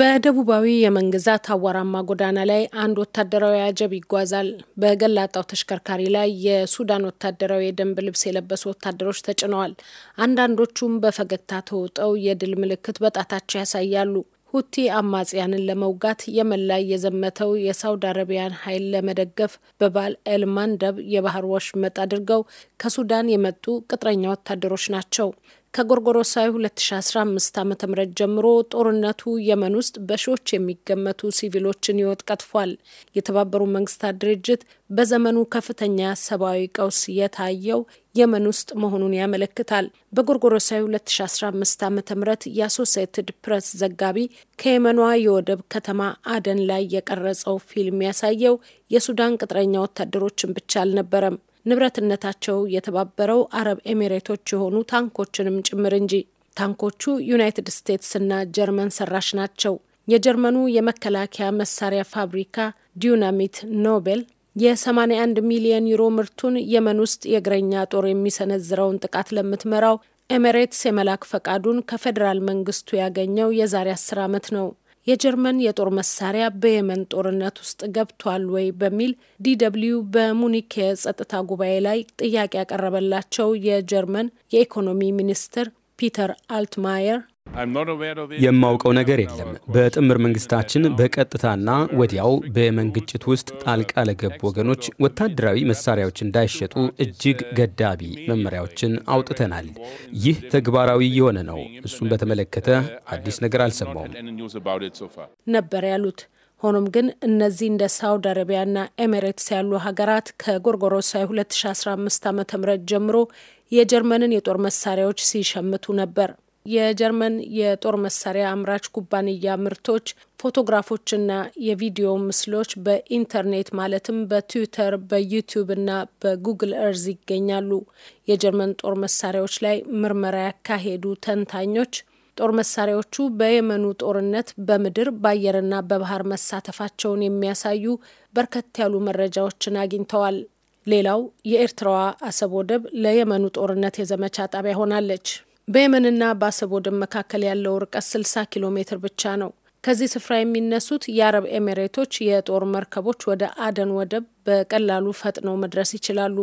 በደቡባዊ የመን ግዛት አዋራማ ጎዳና ላይ አንድ ወታደራዊ አጀብ ይጓዛል። በገላጣው ተሽከርካሪ ላይ የሱዳን ወታደራዊ የደንብ ልብስ የለበሱ ወታደሮች ተጭነዋል። አንዳንዶቹም በፈገግታ ተውጠው የድል ምልክት በጣታቸው ያሳያሉ። ሁቲ አማጽያንን ለመውጋት የመን ላይ የዘመተው የሳውዲ አረቢያን ኃይል ለመደገፍ በባል ኤልማንደብ የባህር ወሽመጥ አድርገው ከሱዳን የመጡ ቅጥረኛ ወታደሮች ናቸው። ከጎርጎሮሳዊ 2015 ዓ ም ጀምሮ ጦርነቱ የመን ውስጥ በሺዎች የሚገመቱ ሲቪሎችን ህይወት ቀጥፏል። የተባበሩ መንግስታት ድርጅት በዘመኑ ከፍተኛ ሰብአዊ ቀውስ የታየው የመን ውስጥ መሆኑን ያመለክታል። በጎርጎሮሳዊ 2015 ዓ ም የአሶሴትድ ፕሬስ ዘጋቢ ከየመኗ የወደብ ከተማ አደን ላይ የቀረጸው ፊልም ያሳየው የሱዳን ቅጥረኛ ወታደሮችን ብቻ አልነበረም። ንብረትነታቸው የተባበረው አረብ ኤሚሬቶች የሆኑ ታንኮችንም ጭምር እንጂ። ታንኮቹ ዩናይትድ እና ጀርመን ሰራሽ ናቸው። የጀርመኑ የመከላከያ መሳሪያ ፋብሪካ ዲዩናሚት ኖቤል የ81 ሚሊዮን ዩሮ ምርቱን የመን ውስጥ የእግረኛ ጦር የሚሰነዝረውን ጥቃት ለምትመራው ኤሜሬትስ የመላክ ፈቃዱን ከፌዴራል መንግስቱ ያገኘው የዛሬ 10 ዓመት ነው። የጀርመን የጦር መሳሪያ በየመን ጦርነት ውስጥ ገብቷል ወይ በሚል ዲደብልዩ በሙኒክ የጸጥታ ጉባኤ ላይ ጥያቄ ያቀረበላቸው የጀርመን የኢኮኖሚ ሚኒስትር ፒተር አልትማየር የማውቀው ነገር የለም። በጥምር መንግስታችን በቀጥታና ወዲያው በየመን ግጭት ውስጥ ጣልቃ ለገቡ ወገኖች ወታደራዊ መሳሪያዎች እንዳይሸጡ እጅግ ገዳቢ መመሪያዎችን አውጥተናል። ይህ ተግባራዊ የሆነ ነው። እሱን በተመለከተ አዲስ ነገር አልሰማውም ነበር ያሉት። ሆኖም ግን እነዚህ እንደ ሳውዲ አረቢያና ኤሜሬትስ ያሉ ሀገራት ከጎርጎሮሳዊ 2015 ዓ ም ጀምሮ የጀርመንን የጦር መሳሪያዎች ሲሸምቱ ነበር። የጀርመን የጦር መሳሪያ አምራች ኩባንያ ምርቶች ፎቶግራፎችና የቪዲዮ ምስሎች በኢንተርኔት ማለትም በትዊተር፣ እና በጉግል እርዝ ይገኛሉ። የጀርመን ጦር መሳሪያዎች ላይ ምርመራ ያካሄዱ ተንታኞች ጦር መሳሪያዎቹ በየመኑ ጦርነት በምድር በአየርና በባህር መሳተፋቸውን የሚያሳዩ በርከት ያሉ መረጃዎችን አግኝተዋል። ሌላው የኤርትራዋ አሰብ ወደብ ለየመኑ ጦርነት የዘመቻ ጣቢያ ሆናለች። በየመንና በአሰብ ወደብ መካከል ያለው ርቀት 60 ኪሎ ሜትር ብቻ ነው። ከዚህ ስፍራ የሚነሱት የአረብ ኤሚሬቶች የጦር መርከቦች ወደ አደን ወደብ በቀላሉ ፈጥነው መድረስ ይችላሉ።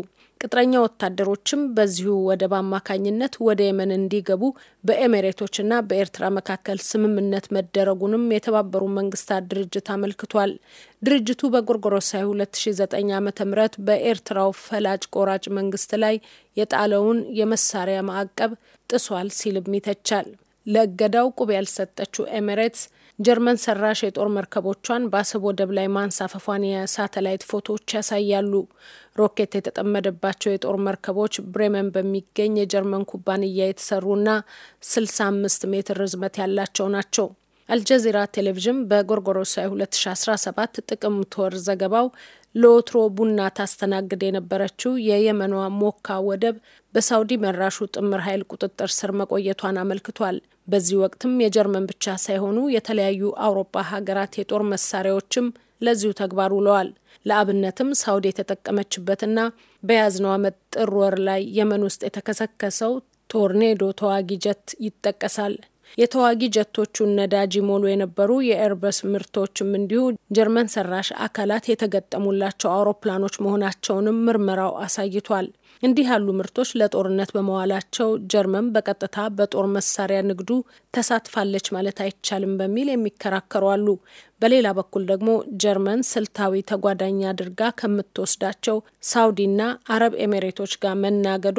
ቅጥረኛ ወታደሮችም በዚሁ ወደብ አማካኝነት ወደ የመን እንዲገቡ በኤሚሬቶችና በኤርትራ መካከል ስምምነት መደረጉንም የተባበሩ መንግስታት ድርጅት አመልክቷል። ድርጅቱ በጎርጎሮሳዊ 2009 ዓ ም በኤርትራው ፈላጭ ቆራጭ መንግስት ላይ የጣለውን የመሳሪያ ማዕቀብ ጥሷል ሲልም ይተቻል። ለእገዳው ቁብ ያልሰጠችው ኤሚሬትስ ጀርመን ሰራሽ የጦር መርከቦቿን በአሰብ ወደብ ላይ ማንሳፈፏን የሳተላይት ፎቶዎች ያሳያሉ። ሮኬት የተጠመደባቸው የጦር መርከቦች ብሬመን በሚገኝ የጀርመን ኩባንያ የተሰሩና 65 ሜትር ርዝመት ያላቸው ናቸው። አልጀዚራ ቴሌቪዥን በጎርጎሮሳዊ 2017 ጥቅምት ወር ዘገባው ለወትሮ ቡና ታስተናግድ የነበረችው የየመኗ ሞካ ወደብ በሳውዲ መራሹ ጥምር ኃይል ቁጥጥር ስር መቆየቷን አመልክቷል። በዚህ ወቅትም የጀርመን ብቻ ሳይሆኑ የተለያዩ አውሮፓ ሀገራት የጦር መሳሪያዎችም ለዚሁ ተግባር ውለዋል። ለአብነትም ሳውዲ የተጠቀመችበትና በያዝነው ዓመት ጥር ወር ላይ የመን ውስጥ የተከሰከሰው ቶርኔዶ ተዋጊ ጀት ይጠቀሳል። የተዋጊ ጀቶቹን ነዳጅ ይሞሉ የነበሩ የኤርበስ ምርቶችም እንዲሁ ጀርመን ሰራሽ አካላት የተገጠሙላቸው አውሮፕላኖች መሆናቸውንም ምርመራው አሳይቷል። እንዲህ ያሉ ምርቶች ለጦርነት በመዋላቸው ጀርመን በቀጥታ በጦር መሳሪያ ንግዱ ተሳትፋለች ማለት አይቻልም በሚል የሚከራከሩ አሉ። በሌላ በኩል ደግሞ ጀርመን ስልታዊ ተጓዳኝ አድርጋ ከምትወስዳቸው ሳውዲና አረብ ኤሚሬቶች ጋር መናገዷ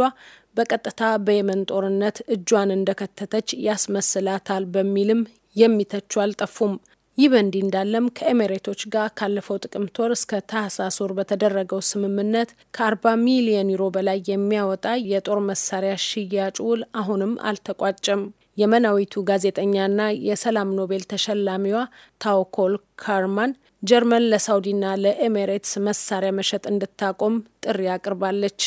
በቀጥታ በየመን ጦርነት እጇን እንደከተተች ያስመስላታል በሚልም የሚተቹ አልጠፉም። ይህ በእንዲህ እንዳለም ከኤሜሬቶች ጋር ካለፈው ጥቅምት ወር እስከ ታህሳስ ወር በተደረገው ስምምነት ከ40 ሚሊዮን ዩሮ በላይ የሚያወጣ የጦር መሳሪያ ሽያጭ ውል አሁንም አልተቋጨም። የመናዊቱ ጋዜጠኛና የሰላም ኖቤል ተሸላሚዋ ታውኮል ካርማን ጀርመን ለሳውዲና ለኤሜሬትስ መሳሪያ መሸጥ እንድታቆም ጥሪ አቅርባለች።